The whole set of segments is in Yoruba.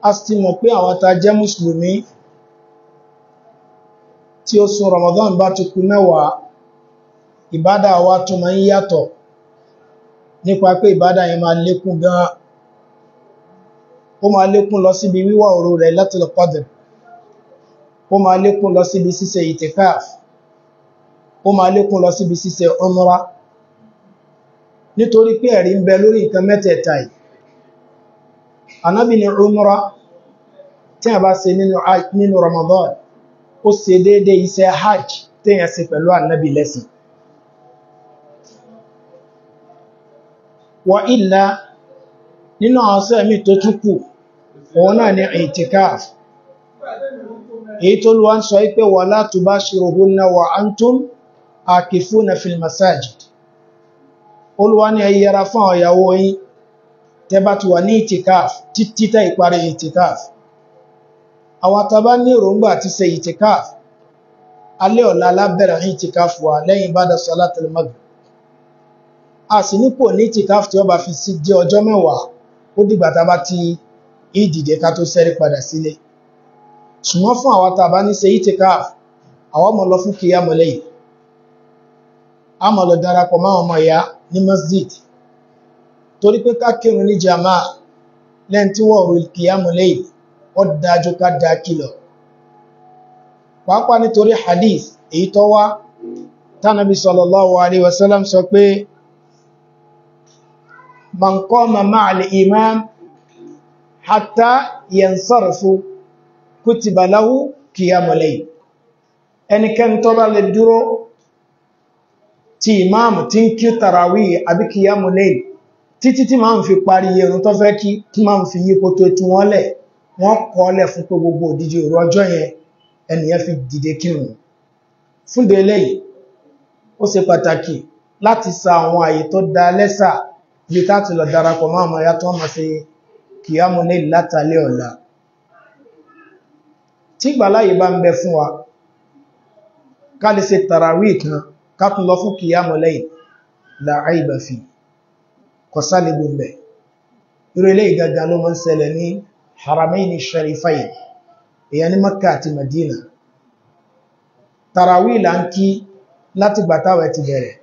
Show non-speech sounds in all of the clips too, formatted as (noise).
a sì mọ̀ pé àwọn ta jẹ́ mùsùlùmí tí sun Ramadan bá ti kù mẹ́wàá ìbádà wa tó ma ń yàtọ̀ nípa pé ìbádà yẹn ma lékún gan ó máa lékún lọ síbi wíwá òru rẹ̀ Lailatul ó ma lékún lọ síbi ṣíṣe itikaf ó lékún lọ síbi ṣíṣe anábì ní umra tí a bá ṣe nínú Ramadan ó ṣe déédé iṣẹ́ hajj tí a ṣe pẹ̀lú anábì lẹ́sìn wa illa nínú àwọn sẹ́mì tó tún kù òun náà ni itikaf èyí tó lọ ń sọ pé wala tubashiruhunna wa antum akifuna fil masajid olúwa ni ẹ yẹra fún àwọn ìyàwó yín tẹ́bá ti wà ní itikaf títí tẹ́ ìparí itikaf àwọn tàbá ní èròǹgbà ti ṣe itikaf alẹ́ ọ̀la lábẹ̀rẹ̀ itikaf wà lẹ́yìn bá da salatul maghrib a sì nípò ní itikaf tí ó bá fi sí jẹ́ ọjọ́ mẹ́wàá ó dìgbà tàbá ti ìdìde ká tó sẹ́rí padà sílé ṣùgbọ́n fún àwọn ní ṣe itikaf àwọn ọmọ lọ fún kiyamul layl a mọ̀ lọ darapọ̀ máwọn ọmọ ìyá ní masjid torí pé ká kírun ní jama lẹ́n tí wọ́n rí kìyàmù lẹ́yìn ó dájú ká dá kìlọ̀ pàápàá nítorí hadith èyí tó wá tánàbí sallallahu alaihi wasallam sọ pé man qama ma'al imam hatta yansarfu kutiba lahu kìyàmù lẹ́yìn ẹnikẹ́ni tó bá lè dúró ti imam tí ń kí tarawih àbí kìyàmù títí tí máa ń fi parí irun tó fẹ́ kí tí máa ń fi yípo tó tú wọ́n lẹ̀ wọ́n kọ́ lẹ̀ fún pé gbogbo òdíje òru ọjọ́ yẹn ẹnìyẹn fi dìde kírun fúnde eléyìí ó ṣe pàtàkì láti sa àwọn àyè tó da lẹ́sà bí táti lọ darapọ̀ mọ́ àwọn ẹ̀yà tó wọ́n máa ṣe kìámu ní látàlẹ́ ọ̀la tí ìgbàláyè bá ń bẹ fún wa ká lè ṣe tàràwí kan ká tún lọ fún kìámu lẹ́yìn la aiba fi kọ̀sálébù mẹ́ irú ilé ìgaga ló mọ́ ń ṣẹlẹ̀ ní haramaini sharifai èyàn ní Makka àti Madina tàràwí là ń kí láti gbàtàwẹ̀ ti bẹ̀rẹ̀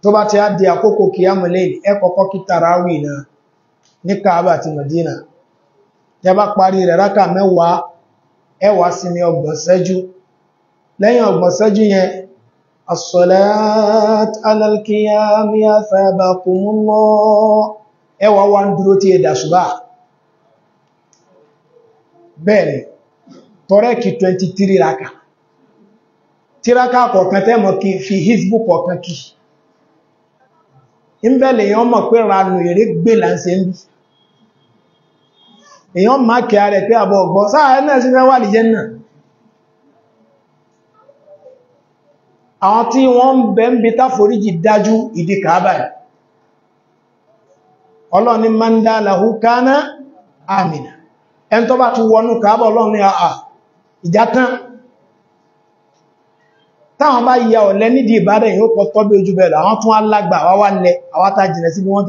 tó bá ti á di àkókò kìyàmùlé ẹ kọ́kọ́ kí tàràwí náà ní Kaaba àti Madina tẹ bá parí rẹ̀ rákà mẹ́wàá ẹ wá sinmi ọgbọ̀n lẹ́yìn ọgbọ̀n yẹn الصلاة على ala al-qiyam ya thabakumullah ẹwà wá ń dúró tí ẹ̀dà ṣùgbà bẹ́ẹ̀ni tọ́rẹ́kì 23 raka tíraka kọ̀ọ̀kan tẹ́mọ̀ kí fi hizbu kọ̀ọ̀kan kí ń bẹ̀lẹ̀ èyàn mọ̀ pé ranù èrè gbé láńsẹ̀ ń bí èyàn má kí a rẹ̀ pé àbọ̀ ọ̀gbọ́ sáà ẹ̀ náà sí mẹ́wàá lìjẹ́ náà àwọn tí wọ́n ń bẹ ń bí táforíjì dájú ìdí kàábà ọlọ́run ni man dalahu kana amina ẹn tó bá ti wọnú kàábà ọlọ́run ni àà ìjátán táwọn bá yà ọ̀lẹ́ nídìí ìbádẹ̀ yóò pọ̀ tọ́bí ojú bẹ̀rẹ̀ àwọn tún alágbà àwa wá lẹ àwa tá jìnà sí bí wọ́n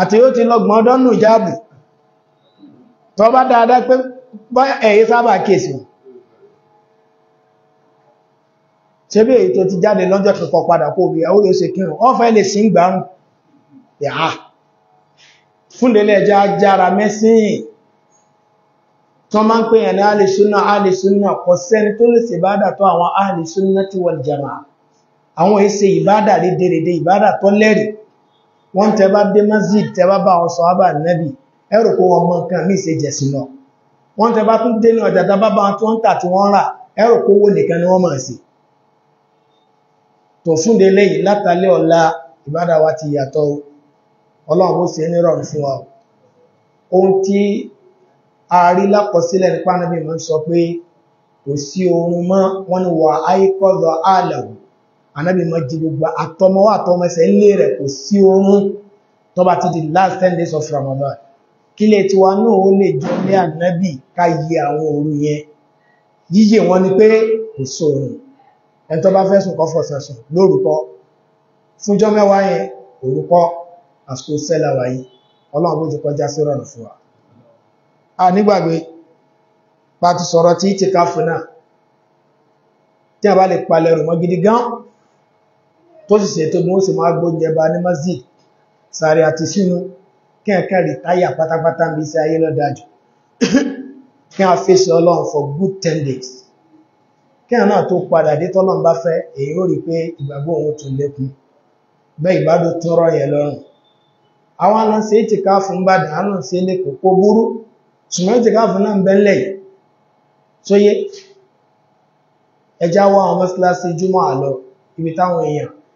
àti ó ti lọ́gbọ̀n ọdọ́nù ìjáàbù tó bá dáadáa pé ẹ̀yí sábà kéèsì ṣe bí èyí tó ti jáde lọ́jọ́ kẹkọ padà kó bí àwọn olóṣè kírùn ọ́n fẹ́ lè sí ìgbàrún yàá fúnlélẹ̀ ẹjá jára mẹ́sìn tó máa ń pè yàn ní alìsúnà alìsúnà kò lè ṣe ìbádà tó lẹ́rìí wọ́n tẹ bá dé masjid tẹ bá bá àwọn sọ̀hábà nẹ́bì ẹrù kó ọmọ nǹkan mí ṣe jẹ̀sìn lọ wọ́n tẹ bá tún dé ní ọjà tábá bá tó ń tà tí wọ́n rà ẹrù kó wó nìkan ni wọ́n máa ṣe tó fúnde lẹ́yìn látàlẹ́ ọ̀la ìbádà wa ti yàtọ̀ ọlọ́run ó ṣe ní rọrùn fún wa ohun tí a rí lápọ̀sílẹ̀ nípa náà bí mo sọ pé kò sí oorun mọ́ wọ́n ni wà áyíkọ́dọ̀ àlàwò anábì mọ́ jí gbogbo àtọmọwọ́ àtọmọsẹ̀ ilé rẹ̀ kò sí oorun tó bá ti di last ten days of Ramadan kí lè tiwa náà ó lè jọ ní anábì ká yí àwọn òru yẹn yíyè wọn ni pé kò sóorun ẹni tó bá fẹ́ sùn kọ́ fọ̀sán sùn lórúkọ fúnjọ́ mẹ́wàá yẹn orúkọ àsìkò sẹ́là wáyé ọlọ́run bó ti kọjá sí rọrùn fún wa a nígbàgbé pàtó sọ̀rọ̀ tí ìtìkáfù náà tí a bá lè palẹ̀rù mọ́ gidi gan tó sì ṣètò bí wọ́n sì máa gbó jẹba ní masjid sàárẹ̀ àti sínú kí a kẹ́rì táyà pátápátá bí iṣẹ́ ayé lọ (coughs) kí a for good ten days kí a náà tó padà dé tọ́lọ́run bá fẹ́ èyí ó rí pé ìgbàgbọ́ òun tún lékún bẹ́ẹ̀ ìbádó tọrọ yẹn lọ́rùn àwọn aláṣẹ ìtìká fún gbádùn aláṣẹ ilé kò kó burú ṣùgbọ́n fún náà ń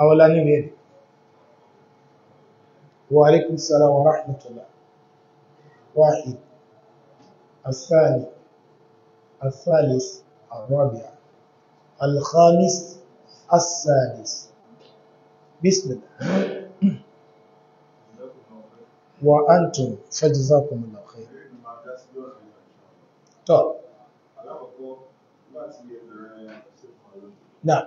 اولاني وين وعليكم السلام ورحمة الله واحد الثاني الثالث الرابع الخامس السادس بسم الله وأنتم فجزاكم الله خير طب نعم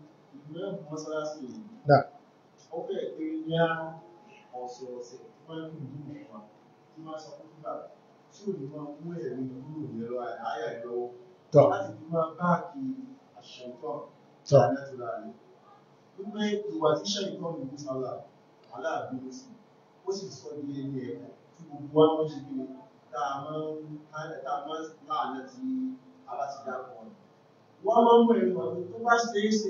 Náà. Tọ́. Tọ́. Gbogbo ìwà tí ṣe ìtọ́nù ìgbésàlá, aláàbí ló sì, ó sì sọ ní ẹni ẹ̀kọ́ tí gbogbo wa mọ́ ṣe bí táàmọ́ láàrín tí a bá ti dá kan. Wọ́n mọ́ mú ẹ̀rọ tó bá ṣe é ṣe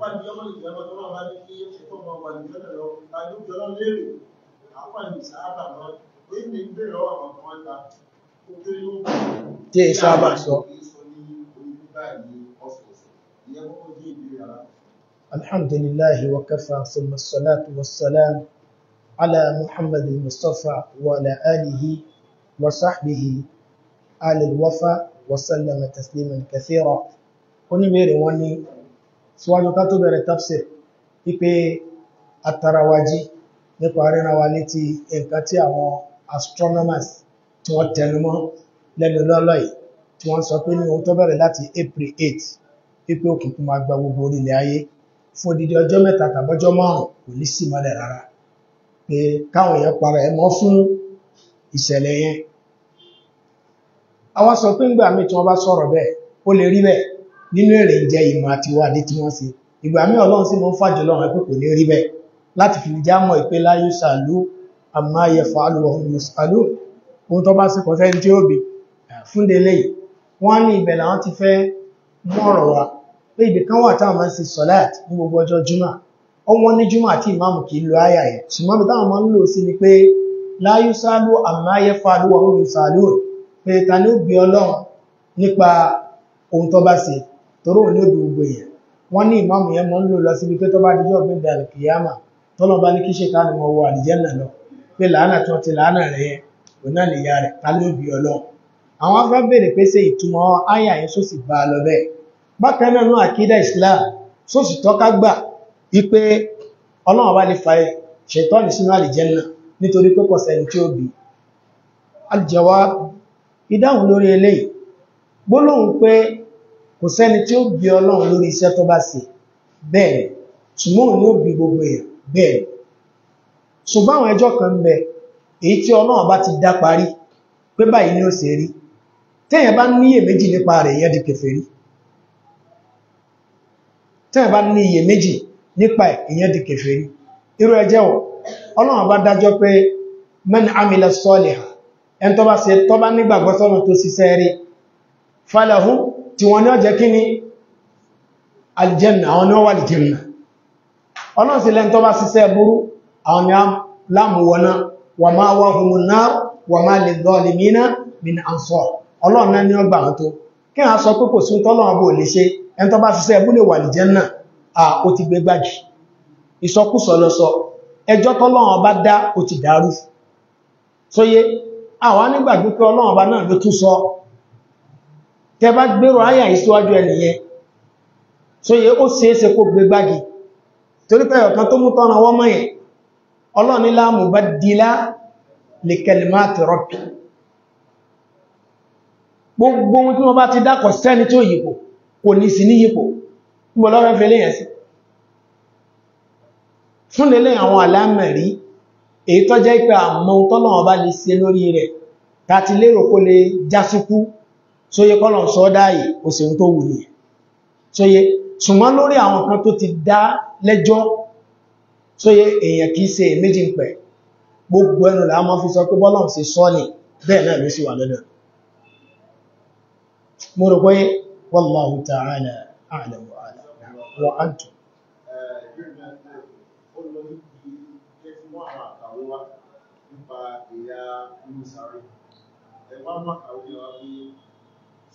bá di ọmọ ìjọba tó náà bá ní kí oṣù tó mọ wà nìjọ náà lọ tàbí oúnjẹ náà lérò àfààní sáábà mọ èyí ni ìbéèrè ọwọ́ àwọn ọmọ ìgbà tó kéré ó bá tí èyí sáábà sọ الحمد لله وكفى ثم الصلاة والسلام على محمد المصطفى وعلى آله وصحبه آل الوفا وسلم تسليما كثيرا oníbèrè wọn ní síwájú ká tó bẹ̀rẹ̀ tafsir wípé atarawají nípa ríran wa létí nǹkan tí àwọn astronomers tí wọ́n tẹnumọ́ lẹ́nu lọ́lọ́ yìí tí wọ́n sọ pé ní ohun tó bẹ̀rẹ̀ láti April 8 wípé òkùnkùn máa gba gbogbo orílẹ̀ ayé fún odidi ọjọ́ mẹ́ta tàbọ́jọ́ márùn kò ní sí mọ́lẹ̀ rárá pé káwọn èèyàn para ẹ̀ mọ́ nínú èrè ń jẹ́ ìmọ̀ àti ìwádìí tí wọ́n ṣe ìgbà mí ọlọ́run sí mọ́ fàjọ lọ́run ẹkùn kò ní rí bẹ́ẹ̀ láti fi já mọ̀ ìpé láyé ṣàlú àmá yẹfà alùwọ̀ ṣàlú ohun tó bá sí kọ̀ sẹ́ni tí ó bì fún délé wọ́n ní ibẹ̀ làwọn ti fẹ́ mọ́rọ̀ wa pé ibì kan wà táwọn máa ń ṣe sọ́láàt ní gbogbo ọjọ́ júmà ọwọ́n ní júmà àti ìmáàmù kì í lo àyà yẹn ṣùgbọ́n bí táwọn máa ń lò sí ni pé láyé ṣàlú àmá yẹfà alùwọ̀ ṣàlú pé ta ló bí ọlọ́run nípa ohun tó bá ṣe torí òun ló bí gbogbo èèyàn wọ́n ní ìmáàmù yẹn mọ́ ń lò lọ síbi pé tó bá dijọ́ gbé dàrú kìyàmà tọ́lọ́ bá ní kí ṣe ká ní mọ wọ àlìjẹ́nà lọ pé làánà tí wọ́n ti làánà rẹ̀ yẹn òun náà nìyá rẹ̀ ta ló bí ọlọ́ àwọn afẹ́ béèrè pé ṣe ìtumọ̀ áyà yẹn sósì bá a lọ bẹ́ẹ̀ bákan náà nú àkídà Islam sósì tọ́ka gbà wípé Ọlọ́run bá lè fa ṣètọ́nì sínú àlìjẹ́nà nítorí pé kò sẹ́ni tí ó bí al ìdáhùn lórí eléyìí gbólóhùn pé kò sẹ́ni tí ó bí ọlọ́run lórí iṣẹ́ tó bá ṣe bẹ́ẹ̀ ṣùgbọ́n ní ó bí gbogbo èèyàn bẹ́ẹ̀ ṣùgbọ́n àwọn ẹjọ́ kan ń bẹ èyí tí ọlọ́run bá ti dá parí pé báyìí ni ó ṣe rí téèyàn bá ní iyèméjì nípa rẹ̀ ìyẹn di kèfèrí téèyàn bá ní iyèméjì nípa ìyẹn di kèfèrí irú ẹjẹ́ wọ̀ ọlọ́run bá dájọ́ pé man amila sọ́ọ̀lì ẹni tó bá ṣe tó bá nígbàgbọ́ sọ́nà tó ṣiṣẹ́ rí falahu tí wọ́n náà jẹ́ kí ní aljanna àwọn ni wọ́n wà aljanna ọlọ́n sí lẹ́ntọ́ bá síṣẹ́ burú àwọn ni lámùwọ́ná wà máa wá hùmùná wà máa lè dọ́ọ̀lì mìíná min ansar ọlọ́n náà ni ọgbà àtó kí a sọ pé kò sí tọ́lọ́wọ́n bó lè ṣe ẹntọ́ bá síṣẹ́ bú lè wà aljanna tẹ bá gbérò áyà ìsíwájú ẹnìyẹn so yẹ ó ṣeéṣe kó gbé gbági torí pé ọ̀kan tó mú tọ́nà wọ́n mọ́ yẹn ọlọ́ni la mubaddila li kalimati rabbi gbogbo ohun tí wọ́n bá ti dákọ̀ sẹ́ni tó yípo kò ní sí ní yípo gbọ́lọ́rẹ́ fẹ́ léyàn sí fún lélẹ̀ àwọn alámẹ̀rí èyí sóyé kọ́lọ̀ sọ dáyì ó sì ń tó wù ní sóyé ṣùgbọ́n lórí àwọn kan tó ti dá lẹ́jọ́ sóyé èèyàn kìí ṣe méjì ń pẹ̀ gbogbo ẹnu là mọ́ fi sọ pé bọ́lọ̀ sí sọ ní bẹ́ẹ̀ náà ló sì wà lọ́dọ̀ mo rò pé wallahu ta'ala a'lam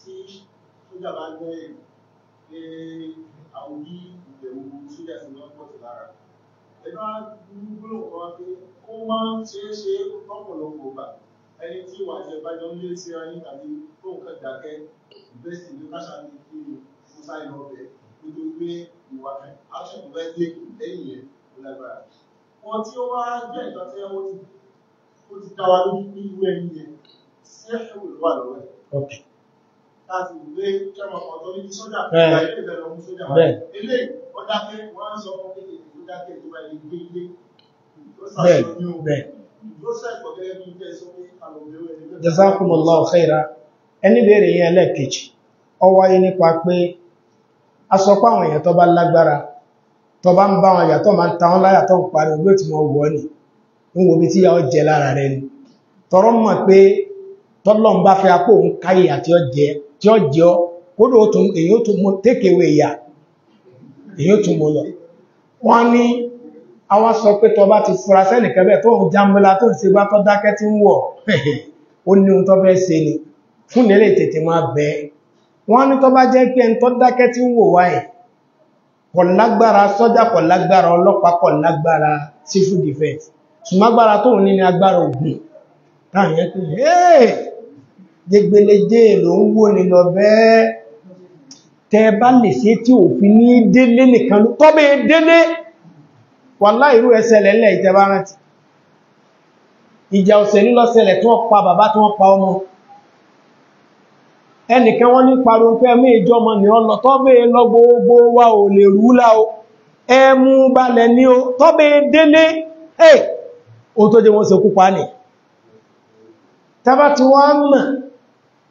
tí sójà bá gbẹ́ èrò e pé àwọn bí ìbẹ̀wò sójà ti máa ń pọ̀ sí lára ẹ̀dá gbúgbúrò kan pé ó máa ń ṣeé ṣe lọ́pọ̀lọpọ̀ gbà ẹni tí ìwà àti ìbájọ́ ń lé sí ara yín tàbí tó nǹkan dákẹ́ ìbẹ́sì ló káṣá ní kí mo sáré lọ bẹ̀ nítorí pé ìwà action bẹ́ẹ̀ dé lẹ́yìn yẹn ó lágbára. wọn tí ó wá jẹ́ ìtàn tí ó ti dá wa lójú ní irú ẹ̀yìn yẹn sí ẹ̀ṣẹ̀ wò ló wà lọ́wọ́ ẹ̀ láti ìwé kẹmọ̀ ọ̀dọ́ ní sójà ilé ìbẹ̀rẹ̀ ọmọ sójà wà ilé ọdákẹ́ wọ́n sọ fún kéèkéè tó dákẹ́ tó bá ilé gbé ilé Jazakumullahu khaira ẹni bèèrè yẹn lẹ́ẹ̀kejì ó wáyé nípa pé a sọ pé àwọn èèyàn tó bá lágbára tó bá ń bá wọn yàtọ̀ máa ń ta wọn láyà tó ń parí ogbó tí wọ́n wọ́ ní ń wo bí tí yà ó jẹ lára rẹ ni tọrọ mọ̀ pé tọ́lọ́m bá fẹ́ apó òun káyè àti ọjẹ́ tí ó jẹ́ ọ kódò èyí ó tún mú tékèwé ìyà èyí ó tún mú lọ wọ́n ní àwọn sọ pé tó bá ti fura sẹ́nìkan bẹ́ẹ̀ tó ń jambala tó ń ṣe bá tó dákẹ́ tí ń wọ̀ (laughs) ó ní ohun tó fẹ́ ṣe ni fún nílé tètè máa bẹ́ wọ́n ní tó bá jẹ́ pé ẹni tó dákẹ́ tí ń wò wáyé kò lágbára sọ́jà kò ọlọ́pàá kò civil defense ṣùgbọ́n agbára tóun ní ni agbára ogun táwọn yẹn pé jẹgbẹlẹjẹ ló ń wó ni lọ bẹ́ẹ̀ tẹ bá lè ṣe tí òfin ní délé nìkan ló tọ́ bẹ́ délé wà láìrú ẹsẹ̀ ìtẹ́bá rántí ìjà òṣèlú lọ́sẹ̀lẹ̀ tí wọ́n pa bàbá tí wọ́n pa ọmọ ẹnìkan wọ́n ní pariwo pé ni ọ lọ tọ́bẹ̀ lọ gbogbo wa ò lè rúlá o ẹmú balẹ̀ ní o tọ́bẹ̀ délé ẹ̀ o tó jẹ́ ti wọ́n mọ̀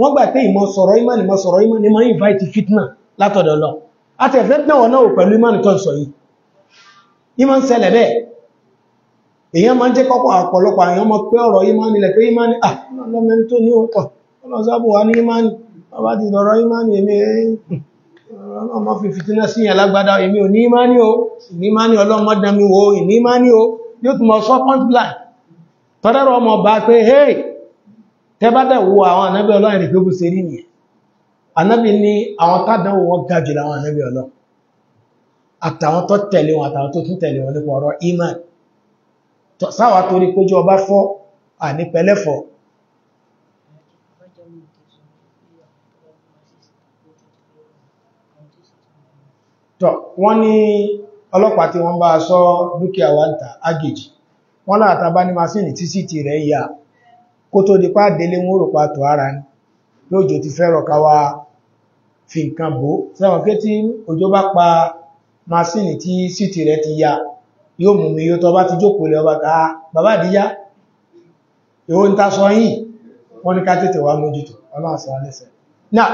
wọ́n gbà pé ìmọ̀ sọ̀rọ̀ ìmánì mọ̀ sọ̀rọ̀ ìmánì mọ̀ invite fitna látọ̀dọ̀ lọ àti ẹ̀fẹ́ pẹ́ wọn náà pẹ̀lú ìmánì tó ń sọ yìí ìmọ̀ ń ṣẹlẹ̀ bẹ́ẹ̀ èyàn máa ń jẹ́ kọ́kọ́ ọ̀pọ̀lọpọ̀ ah ọlọ́mẹ́ni tó ní òótọ́ ọlọ́sábò wa ní ìmánì bàbá ti lọ́rọ̀ ìmánì èmi ọmọ fi fìtínà sí yẹn lágbádá èmi ò ní ìmánì o ní ìmánì ọlọ́mọdàmí wo ìní ìmánì o yóò tún mọ tẹ́bátẹ̀ wo àwọn ànábì ọlọ́run rẹ̀ pé bó ṣe rí nìyẹn ànábì ní àwọn tádánwò wọn ga jùlọ àwọn ànábì ọlọ́run àtàwọn tó tẹ̀lé wọn àtàwọn tó tún tẹ̀lé wọn nípa ọrọ iman sáwà torí kójú ọba fọ́ àní pẹ̀lẹ́fọ́ tọ́ wọn ní ọlọ́pàá tí wọ́n bá sọ dúkìá wa ń ta agèjì wọ́n láàtàbá ní masíìnì tí sí ti rẹ̀ kó tó di pá délé wọn rò pa tò ara ní lóòjò ti fẹ́rọ̀ káwa fi nǹkan bò sẹ́wọ̀n pé tí òjò bá pa masíìnì tí síìtì rẹ̀ ti ya yóò mú mi yóò tọ́ bá ti jókòó lẹ́ ọba ká bàbá àdíyá èwo ń ta sọ yìí wọ́n ní ká tètè wá mójútó ọlọ́run sọ alẹ́sẹ̀ náà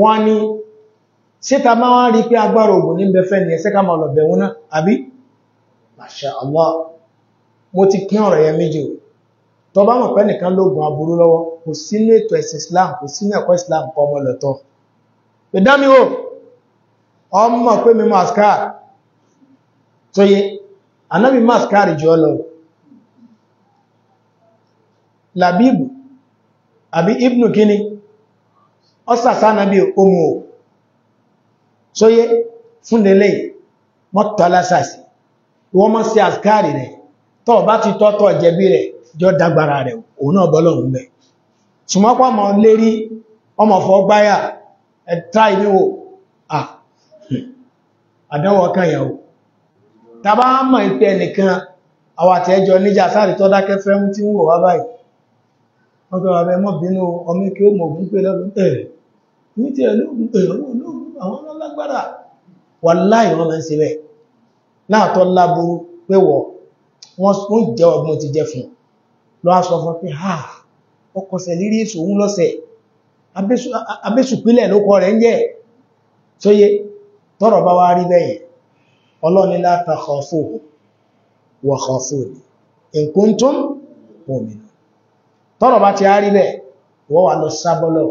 wọ́n ní síta máa wá rí pé agbára ògùn ní bẹ́fẹ́ ni ẹsẹ́ ká máa lọ bẹ̀wọ́n náà àbí Masha Allah mo ti pín ọ̀rọ̀ yẹn méjì o tó bá mọ̀ pé nìkan lóògùn aburú lọ́wọ́ kò sí ní ètò ẹ̀sìn Islam kò sí ní ẹ̀kọ́ Islam kọ ọmọ lọ́tọ́ pé ọmọ pé mi maskar tó yé anábi maskar lọ labibu àbí ibnu gini ọ́sàsá nábi omo tó yé mọ́tọ́lásàsì mọ́ sí askari rẹ̀ jọ dágbára rẹ̀ òun náà bọ́lọ̀hún mẹ́ ṣùgbọ́pọ̀ ọmọ lérí ọmọ fọ́gbáyà ẹ̀tà ìníwò àdánwò kan yẹ̀ o tàbá mọ̀ ìpẹ́ nìkan àwọn àtẹ́jọ níjà sáré tọ́ dákẹ́ fẹ́mú tí wọ́n wá báyìí wọ́n gbọ́ abẹ́ mọ́ bínú ọmọ kí ó mọ̀ ògùn pé lọ́gbọ́n ẹ̀rẹ̀ ní tí ẹ̀lógún ẹ̀lógún àwọn ọlọ́lágbára wà láàtọ́ láburú pé wọ́n jẹ́ ọgbọ́n ti jẹ́ fún lọ aṣọ fún pé ha ọkọ̀sẹ̀ lírí èsù òun lọ́sẹ̀ abésùpílẹ̀ ló kọ rẹ̀ ń jẹ́ tóyé tọ́rọ bá wá rí bẹ́yìn ọlọ́ni la takhafuhu wa khafuni in kuntum mu'minin tọ́rọ bá ti rí bẹ́ hmm? wọ́n wà lọ sábọ́lọ̀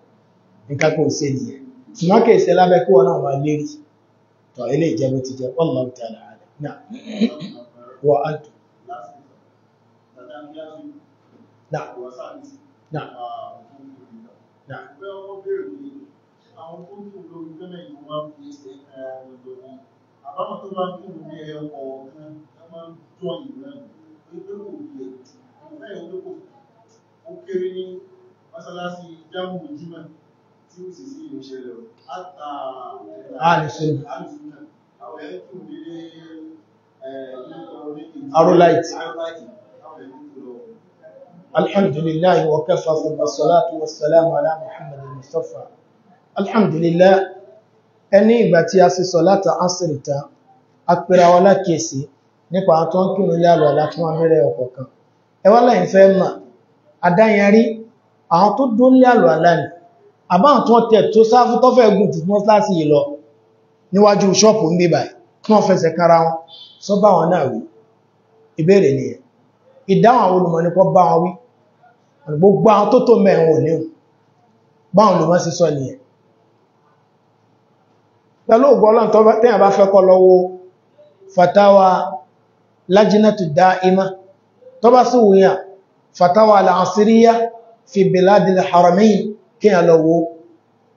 nǹkan kò ṣe nìyẹn ṣùgbọ́n kì í ṣe lábẹ́ kí wọn náà wà lérí tọ̀ ilé ìjẹ́bù ti jẹ́ wallahu ta'ala a'lam náà wọ́n á dùn. náà náà náà àwọn tó ń kúrò lórí tẹ́lẹ̀ yìí wọ́n fi ṣe ẹ̀rọ lórí àbámọ̀ tó bá ń kúrò ní ẹ̀rọ ọ̀ọ̀kan wọ́n máa ń Arulite. Alhamdulillah wa kafa thumma salatu wa salamu ala Muhammadin Mustafa. Alhamdulillah ẹni ìgbà tí a sì sọ̀láta ásìrìta, a pèrà wa lákèsí nípa àtọ́ kírò ilé àlọ́lá fún amẹ́rẹ ọ̀kọ̀kan. Ẹwà láì fẹ́ mà, àdáyẹrí, àwọn tó dó lé àlọ́lá ni, àbáhùn tó tẹ̀ tó sáfú tó fẹ́ gùn jù mọ́sálásí yìí lọ níwájú ṣọ́ọ̀pù ń bíbà tí wọ́n fẹsẹ̀ kára wọn sọ bá wọn náà wí ìbéèrè nìyẹn ìdáhùn àwọn olùmọ̀ nípọ́ bá wọn wí gbogbo àwọn tó tó mẹ́rin ò níhùn báwọn olùmọ̀ sí sọ nìyẹn pẹ̀lú kí èèyàn lọ wo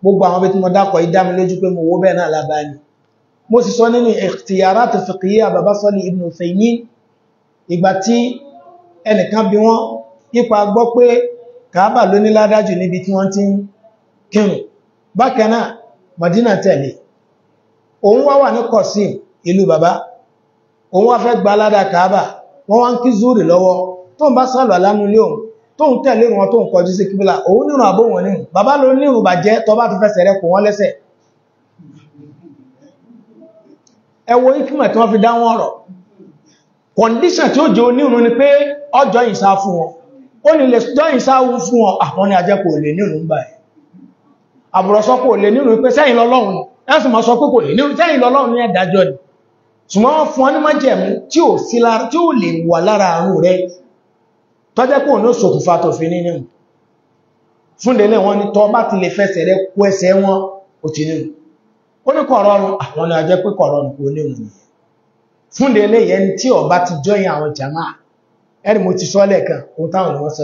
gbogbo àwọn bí tí mo lójú pé mo wo bẹ́ẹ̀ náà lábá ni mo sì sọ nínú ikhtiyarat fiqhiyya bàbá sọ́lì ibn Uthaymin ìgbà tí ẹnìkan bí wọ́n ipa gbọ́ pé kàábà ló ní ládájú níbi tí wọ́n ti ń kírun bákan Madina tẹ̀lé òun wá wà ní kọ̀sí ìlú bàbá òun wá fẹ́ gba aládà kàábà wọ́n wá ń kí zúrì lọ́wọ́ tó ń bá sálọ̀ alámúlé òun tó ń tẹ̀lé wọn tó ń kọjú sí kíbílà òun nírun àbó wọn nírun bàbá ló nírun bà jẹ́ tó fẹsẹ̀ rẹ kò lẹ́sẹ̀ ẹ wo tí wọ́n fi dá wọn rọ̀ kọ̀ndíṣàn tí ó jẹ́ onírun ni pé ọjọ́ ìsá fún wọn ó ní lè jọ ìsá fún wọn àwọn ah, ni ajẹ́ kò lè nírun ń báyìí àbùrọ̀sọ kò lè nírun pé sẹ́yìn lọ́lọ́run ẹ̀sùn mọ́ sọ pé kò lè nírun sẹ́yìn ni ṣùgbọ́n fún ọ ní májẹ̀mú tí ò lè wà lára àrùn tọ́jẹ́ pò ní òṣòkùnfà tó fi nínú fúndẹ̀lẹ̀ wọn ni tọ́ bá ti lè fẹsẹ̀ rẹ kú ẹsẹ̀ wọn ò ti nínú ó ní kọ̀rọ̀rùn àwọn ni a jẹ́ pé kọ̀rọ̀rùn kò ní òun nìyẹn fúndẹ̀lẹ̀ yẹn tí ó bá ti jọyìn àwọn jama ẹni mo ti sọ lẹ́ẹ̀kan ohun táwọn ni wọ́n sọ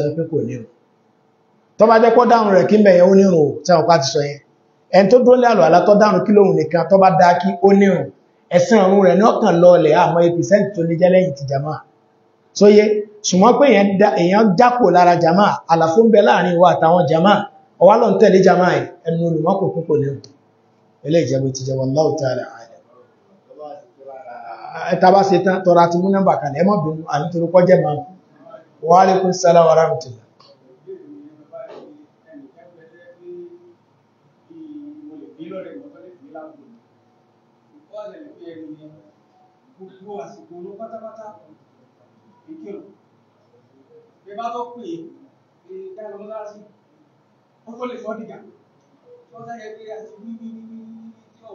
tọ́ bá jẹ́ pọ́ dáhùn rẹ̀ kí ń bẹ̀yẹn ó ní òun tí sọ yẹn ẹni tó dúró lẹ́àlọ́ àlá tọ́ dáhùn kí lóhun nìkan tọ́ bá dá kí ó ní ẹ̀sìn ọ̀run rẹ̀ ní ọ̀kan lọ́ọ̀lẹ̀ àmọ́ 8% tó ní jẹ́ ti jama tó yé ṣùgbọ́n pé èèyàn jápò lára jama àlàfo ń bẹ láàrin wa àtàwọn jama ọwá lọ ń tẹ̀lé jama ẹnu olùmọ́kò púpọ̀ lẹ́nu ilé ìjẹ́bù ti jẹ́ wallahu ta'ala ẹ̀tàbá ṣe tán tọ́ra ti mú nọ́mbà kan ẹmọ́ bínú ànítorúkọ́ jẹ́ máa wa alaikum salaam wa rahmatullah gbogbo àsìkò ló pátápátá ìkírun bí bá tó pè é ìdáná mọ́sálásí ó tó lè sọ dìjà tí sáyẹ pé àti wí wí wí tí ò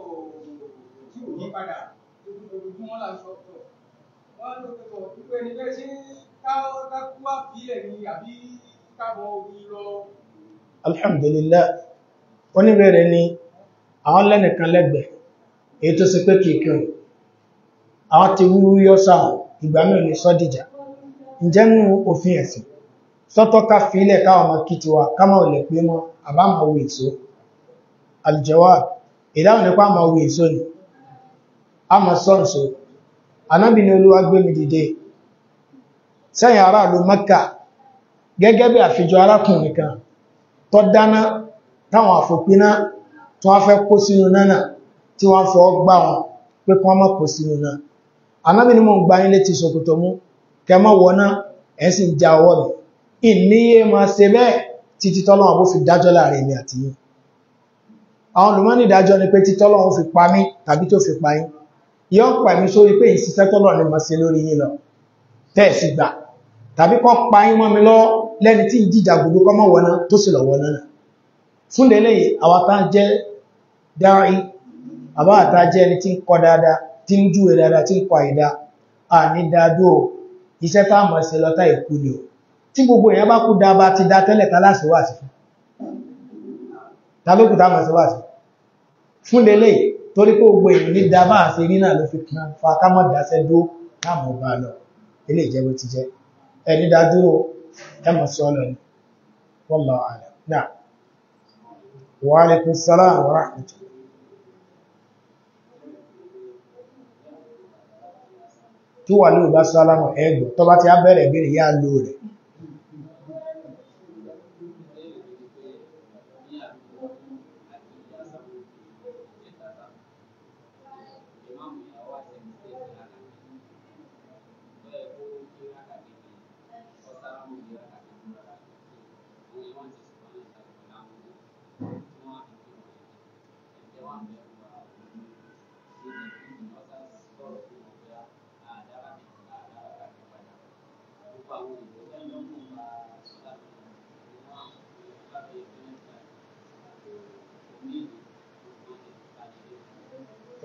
tí ò yí padà ojoojúmọ́ là ń sọ pọ̀ wọ́n á lóko pọ̀ wípé ẹni bẹ́ẹ̀ ṣe kákú wá fílẹ̀ ni àbí kábọ̀ omi lọ. alhamdulillah oníbẹ̀rẹ̀ ni àwọn lẹ́nìkan lẹ́gbẹ̀ẹ́ èyí tó ṣe pé kìkìrì àwọn ti wúwú yọ sáà ìgbà mẹ́rin sọ́dìjà Njem òfin ẹ̀sìn sọ́tọ́ ká fi ilẹ̀ káwọn ọmọ kí ti wa kámọ̀ ilẹ̀ pé mọ́ àbámọ̀ owó èso alìjẹwà ìdáhùn nípa àmọ̀ èso ni a mọ̀ sọ́ǹsọ́ anábì ni olúwa gbé mi dìde sẹ́yìn aráàlú Mẹ́kà gẹ́gẹ́ bí àfijọ arákùnrin kan dáná táwọn àfòpiná fẹ́ kó sínú náà tí wọ́n fọ́ gbá wọn pé kí mo ń gba yín létí kẹmọ́ wọná ẹ̀sìn já ọwọ́ mi ìníye ma ṣe bẹ́ẹ̀ títí tọ́lọ́wọ́ bó fi dájọ́ láàrin mi àti yín àwọn olùmọ́ni ìdájọ́ ni pé títọ́lọ́wọ́ fi pa mí tàbí tó fi pa yín yọ́ pa mí sórí pé ìṣiṣẹ́ tọ́lọ́ ni ma ṣe lórí yín lọ tẹ́ẹ̀sì gbà tàbí kọ́ pa yín mọ́ mi lọ lẹ́ni tí ń jíjà gbogbo kọ́ mọ́ wọná tó sì lọ náà fún lélẹ̀ àwọn tá jẹ́ dárí àbáwà tá jẹ́ ẹni tí ń kọ dáadáa tí ń júwe dáadáa tí ń kọ àìdá à ní iṣẹ́ tá mọ̀ ṣe lọ́tà ìkú ni o tí gbogbo èèyàn bá kú da bá ti da tẹ́lẹ̀ ta láṣẹ wà sí fún ta ló kù tá mọ̀ ṣe wà sí fún lélẹ̀ torí pé gbogbo èèyàn ní da bá àṣẹ rí ló fi kan fa ká dáṣẹ́ dúró ká bá lọ ilé ìjẹ́ ti jẹ́ ẹni dá dúró ẹ mọ̀ sí ọlọ́ni wallahu a'lam náà wa alaikum salaam wa rahmatullah tí wà ní ìbá sálámà ẹgbẹ̀ tọba tí a bẹ̀rẹ̀ ìbéèrè yá lò rẹ̀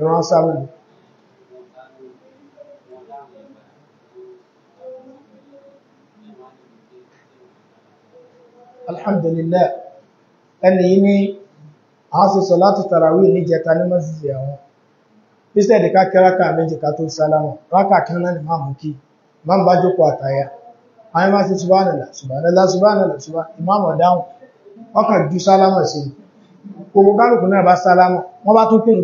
ìran asáwò alhamdulillah ẹni yìí ní àásìsọ láti tàràwí ní jẹta ní mọ́sílì àwọn bíṣẹ́ ìdíká kẹ́ráka méjìká tó sálámà ráka kẹ́rànlá ni máa mú kí máa ń bá jókòó àtàyà ayé máa ti subhanallah subhanallah subhanallah subhanallah ìmáàmù dáhùn ọkàn ju sálámà sí gbogbo kálùkù náà bá sálámà wọ́n bá tún kírun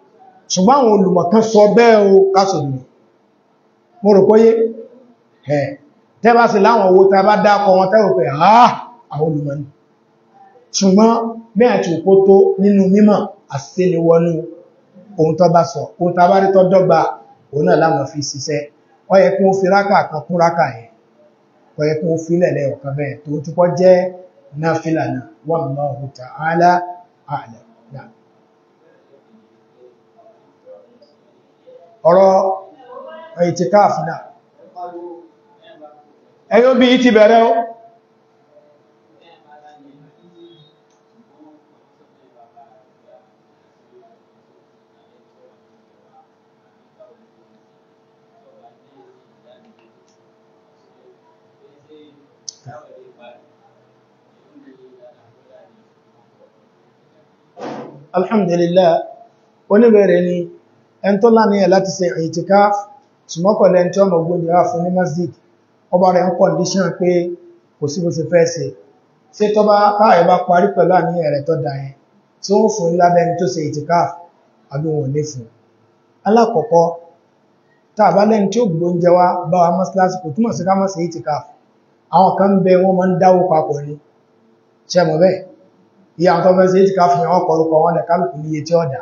ṣùgbọ́n àwọn olùmọ̀kan sọ bẹ́ẹ̀ o kásòdùn mo rò pọ́yé ẹ̀ tẹ́bá sí láwọn owó tẹ́ bá dákọ wọn tẹ́wò pé àwọn olùmọ̀ ni ṣùgbọ́n bẹ́ẹ̀ tí òpó tó nínú mímọ̀ àṣìṣẹ́niwọnú ohun tó bá sọ ohun tá bá rí tó dọ́gba òun náà láwọn fi ṣiṣẹ́ ó ọ̀rọ̀ ìtìkáàfù náà ẹ̀yọ́ bí i ti bẹ̀rẹ̀ o Alhamdulillah, oníbẹ̀rẹ̀ ni ẹn tó lá ní ẹ̀ láti ṣe i'tikaf ṣùgbọ́kọ̀lẹ̀ ẹn tí ọmọ ogun ìjọra fún ní masjid ọba rẹ̀ ń kọ̀ndíṣàn pé kò sí bó ṣe fẹ́ ṣe ṣé tó bá káàrẹ̀ bá parí pẹ̀lú àní ẹ̀rẹ̀ tó da yẹn tí ó ń fún lábẹ́ ẹni tó ṣe i'tikaf àbí wọn ò ní fún alákọ̀ọ́kọ́ tá a bá lẹ́ni tí ó gbogbo oúnjẹ wá bá wa mọ́síláṣí kò túmọ̀ sí ká má ṣe i'tikaf àwọn kan ń bẹ wọ́n máa ń dáwó papọ̀ ni ṣẹ́mọ̀ bẹ́ẹ̀ ìyá àwọn tó fẹ́ ṣe i'tikaf fún àwọn kọ̀ọ̀kọ̀ wọn lẹ̀ kálukú níye tí ọ̀dà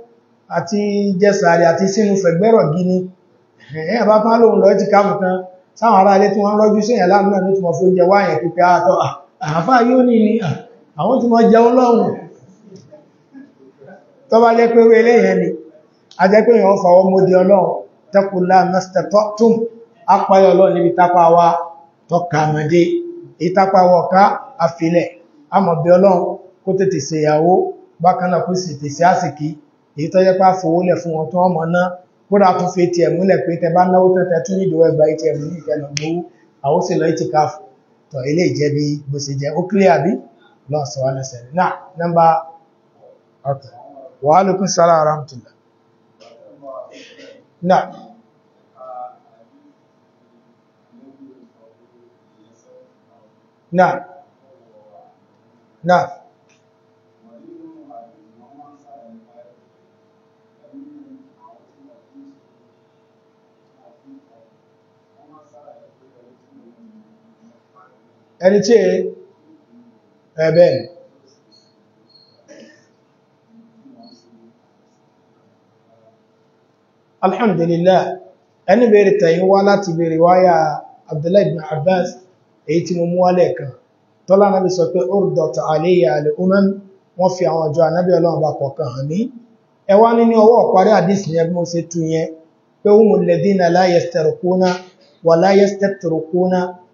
àti jẹsàárì àti sínú fẹ̀gbẹ́rọ̀ gini ẹ̀yìn bá tán lóhun lọ ti káàmù kan sáwọn ará ilé tí wọ́n rọ́jú sí ẹ̀yà láàrin náà ah, ah, ní tí wọ́n fó jẹ wáyẹ̀ pípẹ́ àtọ́ àfá yóò ní ní àwọn tí wọ́n jẹun lọ́hun tó bá jẹ́ pé eléyẹn ni a jẹ́ pé èèyàn fọwọ́ mọ́dé ọlọ́run tẹ́kùnlá mẹ́sítẹ́tọ́tún apáyọ ọlọ́run níbi tápá wa tọ́ka àmọ́dé ìtápá wọ̀ká àfilẹ̀ àmọ̀bí ọlọ́run kó tètè ṣèyàwó bákan náà kó sì tètè sí àsìkí èyí tó yẹ pá fowólẹ̀ fún wọn tó ọmọ náà kódà tún fi ti ẹ̀múlẹ̀ pé tẹ bá náwó tẹ́tẹ́ tún nídò ẹgbà ti ẹ̀mú ní ìkẹlẹ̀ gbowó àwọn sì lọ ìtì káfù tọ̀ ilé ìjẹ́ bí bó ṣe jẹ́ ó clear bí lọ́n sọ wọn lẹ́sẹ̀ náà nọ́mbà ọkọ̀ wàá ẹni tí è ẹ̀bẹ̀ alhamdulillah ẹni bèèrè tẹ̀yìn wá láti bèèrè wáyà abdullahi ibn abbas èyí tí mo mú wálẹ̀ kan tọ́lá náà bí sọ pé ordọ̀ta àléyà alẹ́ umam wọ́n fi àwọn ọjọ́ anábí ọlọ́run bá kọ̀ọ̀kan hàn ní ẹwà nínú ọwọ́ ọ̀parí àdísì yẹn bí mo yẹn pé ó mú lẹ́dínà láyẹ̀stẹ̀rùkúnà wà láyẹ̀stẹ̀rùkúnà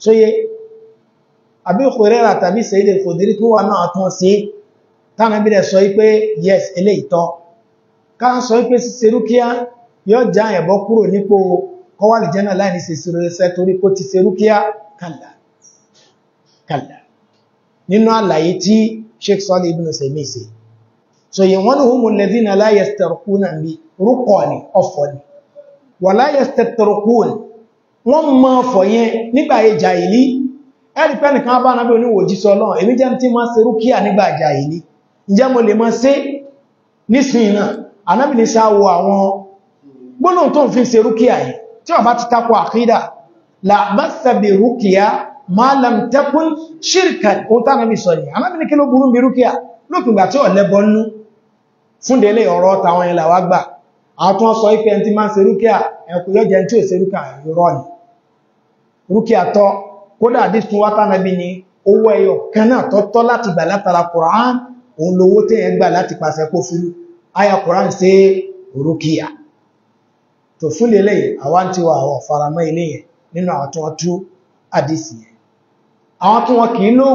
sóyé Abu Hurairah tàbí Sa'id al-Khudri tó wà náà tún sí tánà bí rẹ̀ sọ wípé yes ilé ìtọ́ ká ń sọ wípé sí serúkíá yóò já ẹ̀bọ́ kúrò nípò kọwàlì jẹ́nà láì ní torí kó ti serúkíá kàlà nínú àlàyé tí Sheikh Salih ibn wọ́n mọ́ fọ̀yẹn nígbà ìjà ìlí ẹ̀rì pẹ́nìkan bá náà bí oníwò jísọ lọ́n èmi jẹ́ tí máa ṣe rúkíà nígbà ìjà ìlí ǹjẹ́ mo lè máa ṣe nísìn náà anábì ní sáwọ àwọn gbónà tó ń fi ṣe rúkíà yìí tí wọ́n bá ti tako àkídà làbásàbì rúkíà máa lam tẹ́kún ṣírkà ohun tá anábì sọ yìí anábì ní àtún sọ ife ẹni tí máa ń ṣe rúkíà ẹ̀kù yóò jẹ́ tí ò ṣe rúkíà ìrọ́ ni rúkíà tọ́ kódà dí tún ni owó ẹyọ kan tọ́ tọ́ láti gbà látara Quran òun lówó tí ẹ gbà láti pàṣẹ kó fún aya Quran se rúkíà tó fún lélẹ̀ àwọn tí wà àwọn faramọ́ ilé yẹn nínú àwọn tí wọ́n tú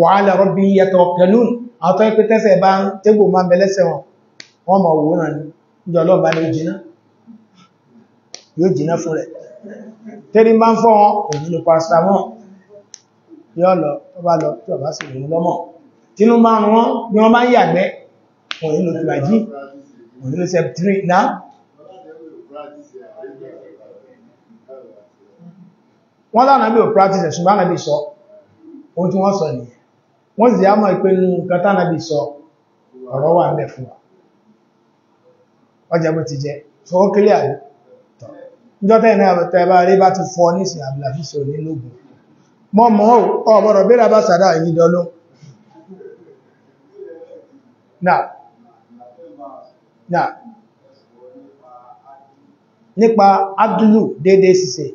wa ala rabbi yatawakkalun àwọn tó ń pẹ́ tẹ́sẹ̀ wọ́n mọ̀ òwúrán ní ìjọ ọlọ́ọ̀bá ní jìnà yóò jìnà fún rẹ̀ tẹ́rí máa ń fọ́ wọn òjìlú paracetamol yóò lọ tó bá lọ tó bá sì rí lọ́mọ̀ tínú máa rún wọn bí wọ́n bá ń yàgbẹ́ wọ́n nílò fìlàjí wọ́n nílò septrin náà wọ́n lánàá bí ò practice ẹ̀ṣùgbọ́n ànàbí sọ ohun tí wọ́n sọ nìyẹn wọ́n sì yá mọ́ ìpinnu nǹkan tánàbí sọ ọ̀rọ̀ wà ń bẹ fún wa ọjà bó ti jẹ́ ṣọwọ́ kílé àrí tọ́ ìjọta ìná àbẹ̀tẹ̀bà rí bá ti fọ́ nísìn àbìlàfíṣò nílògùn mọ́ mọ́ ọ̀bọ̀rọ̀ bí bá sàdá na na nípa dédé sise.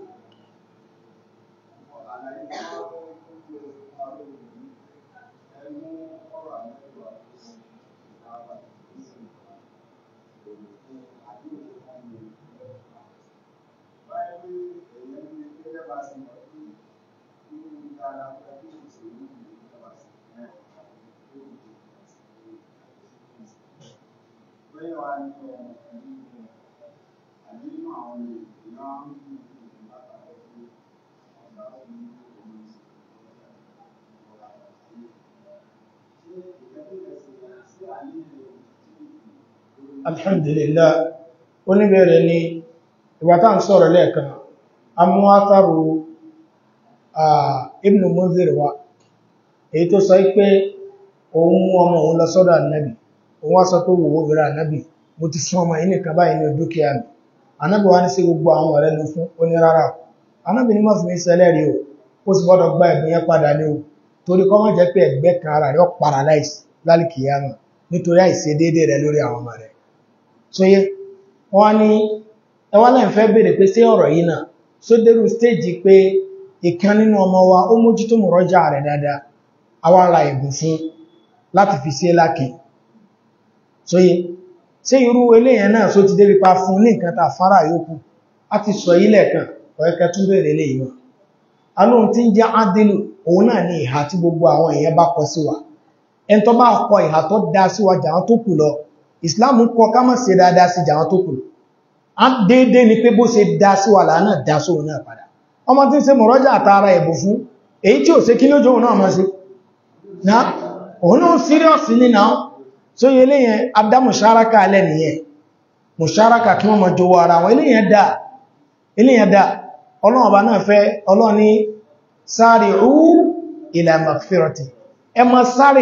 الحمد لله ونبيرني وقتان صور لك أمواتر آه ibn Munzir wa èyí tó sọ pé òun mú ọmọ òun lọ sọ́dọ̀ ànábì òun wá sọ pé wòwó bẹ̀rẹ̀ ànábì mo ti fún ọmọ yìí nìkan báyìí ní dúkìá mi ànábì wá ní sí gbogbo àwọn ọ̀rẹ́ ló fún ó ní rárá ànábì ní mọ́fún ìṣẹ́lẹ̀ rí o ó sì gbọ́dọ̀ gba ẹ̀bùn yẹn padà ní o torí kọ́ jẹ́ pé ẹgbẹ́ kan ara rẹ̀ ó paralyze lálìkìyà náà nítorí àìṣedéédé rẹ̀ lórí àwọn ọmọ rẹ̀ tó yé wọ́n ní ẹwà láì fẹ́ béèrè pé sí ọ̀rọ̀ yìí náà sódérú stéèjì pé ìkan nínú ọmọ wa ó mójútó mọ̀rọ́jà rẹ̀ dáadáa awára ra fún fi sí ẹlákì Soye tí irú eléyàn náà só ti débi pa fún ní nǹkan ta fara a ti sọ ilẹ̀ kan ọ̀ẹ́kẹ́ tún bèèrè lè alóhun tí ń jẹ́ ádìlù òun náà ni ìhà tí gbogbo àwọn èèyàn bá kọ wa ẹn tó bá kọ ìhà wa jàwọn lọ Islam kọ ká má dáadáa lọ á déédéé ni pé bó wa dá sóhun náà ọmọ tí ń ṣe mọ̀rọ́jà àtàrà ẹ̀bù fún èyí tí ò ṣe kí lójú òun náà mọ́ sí na òun náà sírìọ̀sì ní náà tó yẹ léyìn abdá mùsáraka alẹ́ nìyẹn mùsáraka kí wọ́n mọ̀ jowó ara wọn eléyìn dá eléyìn dá ọlọ́run ọba náà fẹ́ ọlọ́run ní sáré owó ìlà mcpherty ẹ mọ sáré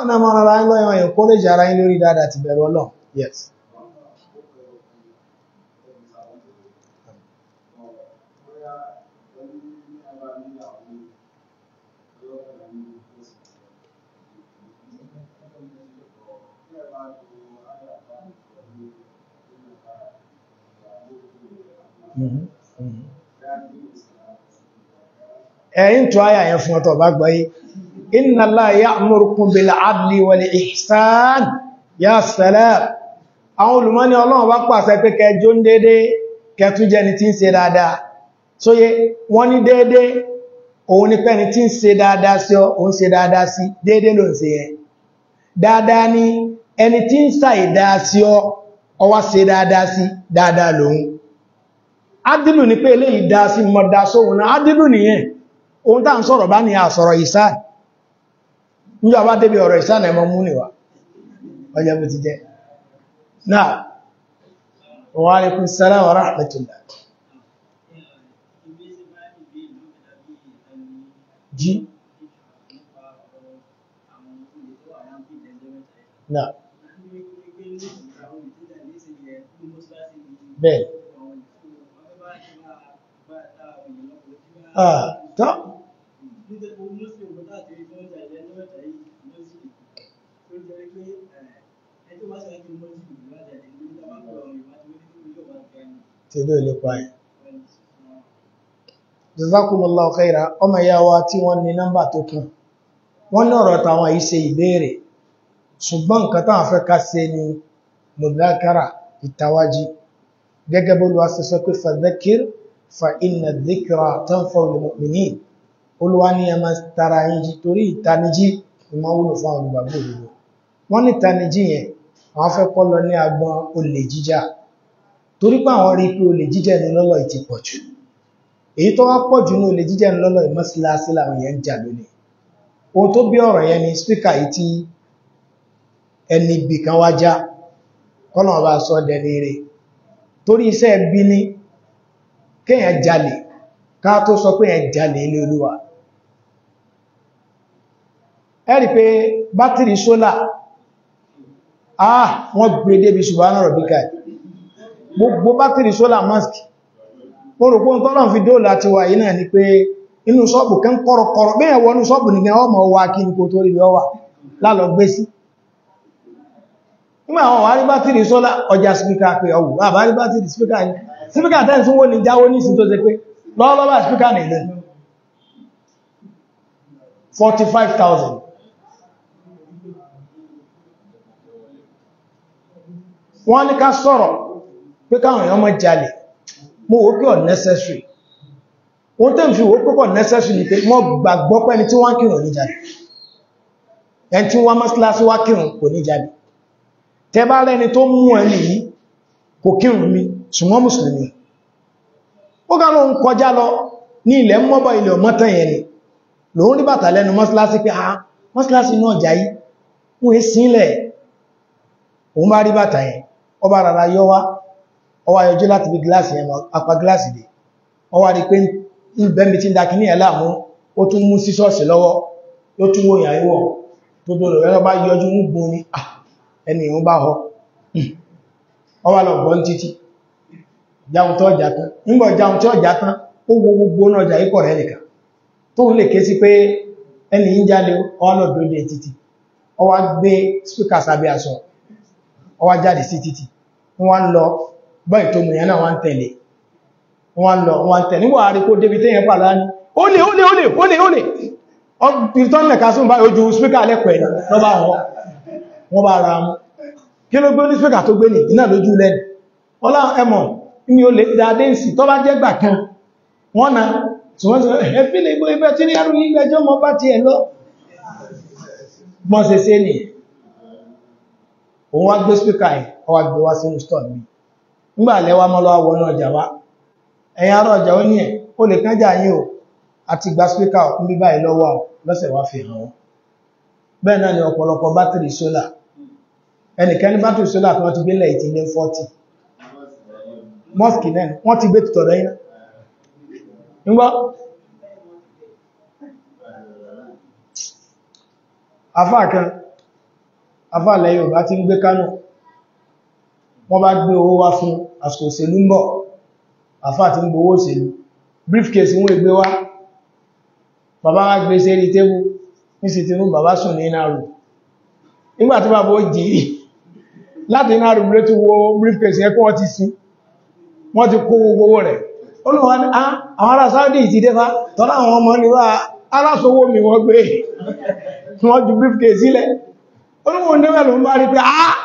ọlọ́run náà máa rárá lọ́yọ̀ wọn encourage ara yín lórí dáadáa ti bẹ̀rù ọlọ́run yes. Mm-hmm. Mm-hmm. ẹ̀yìn tó ayà yẹn fún ọ̀tọ̀ bá gbọ́yé inna Allaha ya'murukum bil adli wal ihsan ya salam àwọn olùmọ́ni ọlọ́run bá pàṣẹ pé kẹjọ ń dédé kẹtún jẹni tí ń ṣe dáadáa sóyé wọ́n ní dédé òun ní pẹ́ni tí ń ṣe dáadáa sí ọ òun ṣe dáadáa sí dédé ló ń ṣe yẹn dáadáa ni ẹni tí ń ṣàìdáa sí ọ ọwá ṣe dáadáa sí dáadáa lòun adìlù ni pé eléyìí dáa sí mọ̀ dáa sóhun náà adìlù nìyẹn ohun tá à sọ̀rọ̀ bá ní àsọ̀rọ̀ ìsáà níjọ́ bá débi ọ̀rọ̀ ìsànà ẹmọ mú níwá ọjọ́ bó ti jẹ́ náà wa alaikum salaam wa rahmatullah jí náà bẹ́ẹ̀ ah tán tí ló lè pa ẹ̀ jazakumullahu khaira ọmọ ìyá wa tí wọ́n ní nọ́mbà tó kún wọ́n ní ọ̀rọ̀ tàwọn yìí ṣe ìbéèrè ṣùgbọ́n nǹkan táwọn fẹ́ ká ṣe ni mudhakara ìtawájí gẹ́gẹ́ bó lọ́wọ́ wọ́n fẹ́ kọ́ lọ ní agbọn olè jíjà torí pé àwọn rí pé olè jíjà ní lọ́lọ́ ìti pọ̀ jù èyí tó wá pọ̀ jù ní olè jíjà ní lọ́lọ́ ìmọ́síláṣí làwọn yẹn ń jà lónìí ohun tó bí ọ̀rọ̀ yẹn ni spíkà yìí tí ẹni ibì kan wá já kọ́nà ọba sọ dẹni rẹ̀ torí iṣẹ́ bí ní kéèyàn jalè ká tó sọ pé èèyàn jalè ilé olúwa ẹ rí pé bátìrì sólà ah wọ́n gbé débi ṣùgbọ́n ọ̀rọ̀ bí káì gbogbo bátìrì solar mask orùpó ń tọ́lọ̀ fi dóòlà ti wà yìí náà ni pé inú ṣọ́ọ̀bù kẹ́ ń kọ́rọ̀kọ́rọ̀ bí ẹ̀wọ̀ inú ṣọ́ọ̀bù nìkan ọmọ wa kí ní kò tó rí ọwà lálọ gbé sí nígbà àwọn àrí bátìrì sọ́lá ọjà spíkà pé ọwù àbárí bátìrì spíkà ní spíkà tẹ́ǹsí wó ní jáwó ní sí tó ṣe pé lọ́wọ́lọ́wọ́ spíkà nìlẹ̀ 45,000 wọ́n ní ká sọ̀rọ̀ pé káwọn èèyàn má jalè mo wò pé unnecessary wọ́n tẹ́ fi wò púpọ̀ necessary ni pé mo gbàgbọ́ pẹ́ni tí wọ́n kírun ní jalè ẹni tí wọ́n mọ́síláṣí wá kírun kò ní jalè tẹ́ bá rẹni tó mú ẹni yìí kò kírun mi ṣùgbọ́n mùsùlùmí ó gá lóun kọjá lọ ní ilẹ̀ mọ́bọ̀ ilẹ̀ ọmọ́tàn yẹn ni lòun rí bàtà lẹ́nu mọ́síláṣí pé a ah, mọ́síláṣí náà jà yìí wọ́n é sílẹ̀ òun bá rí bàtà yẹn bá rárá yọ wá ọwá yọjú láti bí gíláàsì ẹmọ apá gíláàsì dé ọwá rí pé ń bẹ́mí tí dákí ní ẹ̀láàmú ó tún mú sí lọ́wọ́ ló tún wòyà ìwọ̀ tó tó lọ́rẹ́ bá yọjú ń gun ni ah, ẹni bá họ hmm. ọwá lọ bọ́ ní títí jáun ọjà tán jáun ọjà tán ó wọ́n lọ báyìí tó náà wọ́n tẹ̀lé wọ́n lọ wọ́n tẹ̀lé nígbà àríkò débi tí pàlá ní olè olè olè olè olè ọ̀pìtàn nẹ̀ka sún ojú spíkà lẹ́pẹ̀ẹ́ lọ́bá wọn bá ra mú kí ló gbé ní spíkà tó gbé ní iná lójú lẹ́nu ọlá ẹmọ̀ ọwà gbé wá sínú stọ̀ mi nígbà lẹ́wà mọ́ lọ́wọ́ wọnú ọjà wá ẹ̀yìn ará ọjà ó ní ẹ̀ ó lè kánjà yín o àti gba spíkà ọkùn bíbá ẹ̀ lọ́wọ́ lọ́sẹ̀ wá fi hàn wọ́n bẹ́ẹ̀ náà ni ọ̀pọ̀lọpọ̀ bátìrì sólà ẹnìkan ní bátìrì sólà kan ti gbé lẹ́yìn ti ní 40 mọ́sìkì náà wọ́n ti gbé tìtọ̀rọ̀ yín nígbọ́ afá kan afá lẹ́yìn ọba ti ń gbé kánò wọ́n bá gbé owó wá fún àsìkò òṣèlú ń bọ̀ àfáà ti ń gbowó òṣèlú briefcase wọ́n ègbé wá bàbá wá gbé sérí tébù ní sì tinú bàbá sùn ní ìnáàrù nígbà tó bàbá ó jì í láti ìnáàrù ló ti wo briefcase yẹn kó wọ́n ti sí wọ́n ti kó gbogbo rẹ̀ olùwà ní ah, àwọn ará Saudi ti dẹ́fà tọ́lá àwọn ọmọ ní wá alásowó mi wọ́n gbé wọ́n ju briefcase sílẹ̀ olùwà ní mẹ́lùm bá rí pé ah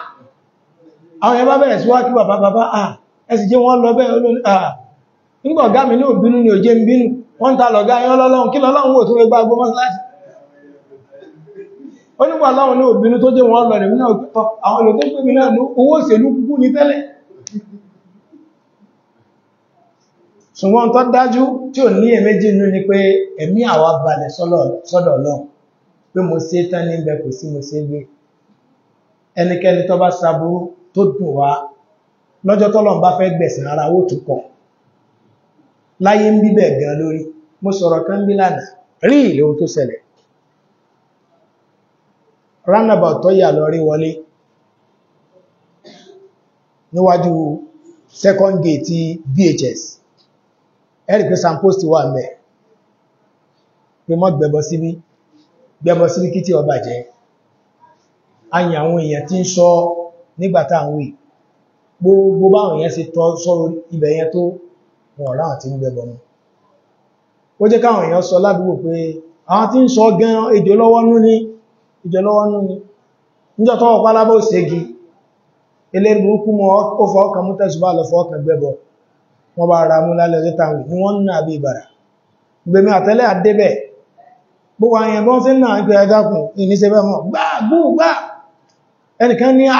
àwọn ẹbá bẹ̀rẹ̀ sí wákí bàbá bàbá à ẹsì jẹ́ wọ́n lọ bẹ́ẹ̀ olóòrùn àà nígbà ọ̀gá mi ní òbínú ní òjé ń bínú wọ́n ta lọ̀gá yán lọ́lọ́run kí lọ́lọ́run wò tó rẹ gbá agbọ́mọ́ láti ó nígbà láwọn ní òbínú tó jẹ́ wọ́n lọ rẹ̀ nínú ọ̀pọ̀ àwọn olùkọ́ pé mi náà owó òṣèlú kúkú ní tẹ́lẹ̀ ṣùgbọ́n tó dájú tí ò ní èméjì nú ni pé ẹ̀mí àwa balẹ̀ sọ́dọ̀ Ọlọ́run pé mo ṣe tán ní ibẹ̀ kò sí mo ṣe gbé ẹnikẹ́ni tó bá ṣaburú tó dùn wá lọ́jọ́ tọ́lọ́run bá fẹ́ gbẹ̀sìn ara owó tó pọ̀ láyé ń bíbẹ̀ gan lórí mo sọ̀rọ̀ kan bí lánàá rí ìlé ohun tó ṣẹlẹ̀ ránàbà tó yà lọ rí wọlé níwájú second gate ti BHS ẹ̀rì pé sampost wà mẹ́ pé mọ́ gbẹ̀bọ̀ síbí gbẹ̀bọ̀ síbí kí tí ọba jẹ́ ayin àwọn èèyàn tí ń sọ nígbàtà àwọn èyí gbogbo báwọn yẹn ṣe tọ́ sọ́rọ̀ ibẹ̀ yẹn tó wọn ọ̀rá àti ń gbẹbọ mọ́ ó jẹ́ káwọn èèyàn sọ ládùúgbò pé àwọn tí ń sọ gan ìjọ lọ́wọ́ nú ní ìjọ lọ́wọ́ nú ní níjọ́ tọ́wọ́ pálábọ́ òṣègi eléri burúkú mọ́ ó fọ́ ọkàn mú tẹ̀sùbá lọ fọ́ ọkàn gbẹbọ wọ́n bá ra mú ẹnìkan ní à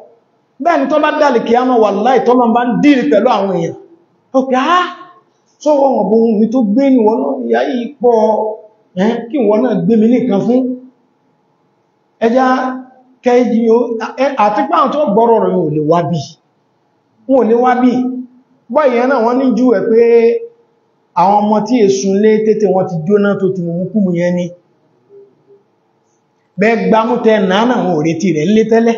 bẹ́ẹ̀ni tó bá dàlì kí á mọ́ wà láì tó mọ́ bá ń dìrì pẹ̀lú àwọn èèyàn òkè á sọ́wọ́ ọ̀bọ̀ ohun mi tó gbé ní wọ́n náà ìyá yìí pọ̀ ẹ́ kí wọ́n náà gbé mi nìkan fún ẹjá kẹjì àti páwọn tó gbọ́rọ̀ rẹ̀ ò lè wábí wọn ò lè wábí wọn ò retí rẹ̀ ń lé tẹ́lẹ̀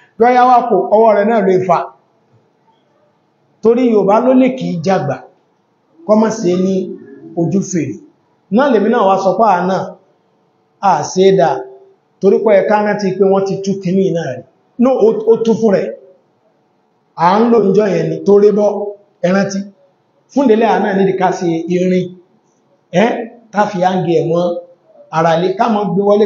lọ́yá ọwọ́ rẹ̀ náà lè fa torí Yorùbá ló lè kìí jàgbà kọmọ̀ sí ní ojú fèrè náà lèmi náà wá sọpá náà à sí torí pé ẹ̀ká pé wọ́n ti tú kìíní náà rẹ̀ ní ó tú fún rẹ̀ à ń lò ẹrántí irin ẹ́ mọ́ gbé wọlé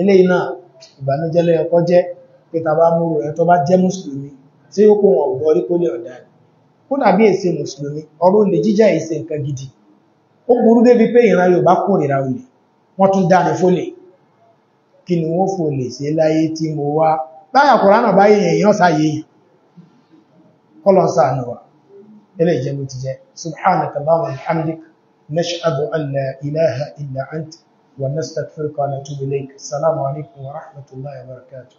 ilé iná ìbànújẹ́lẹ́ ọkọ́ jẹ́ pé tàbá múrù rẹ̀ tó bá jẹ́ mùsùlùmí tí ó kó wọn ọ̀gbọ́ rí kó lè ọ̀dá rẹ̀ kó dàbí èsè mùsùlùmí ọ̀rọ̀ olè jíjà èsè nǹkan gidi ó burú débi pé ìran Yorùbá kórìíra olè wọ́n tún dáre fólè kí ni wọ́n fòlè sí láyé tí mo wá láyà kòránà bá yẹ̀yẹ̀ èèyàn sáyé yìí kọlọ̀nsá ànàwà ilé ìjẹ́bù ti jẹ́ subhanakallahumma wa bihamdik nashhadu an la ilaha illa anta ونستغفرك ونتوب إليك السلام عليكم ورحمة الله وبركاته